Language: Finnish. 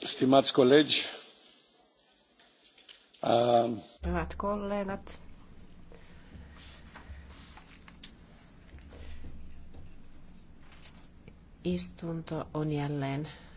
Stimați colegi, um, Hyvät kollegat, istunto on jälleen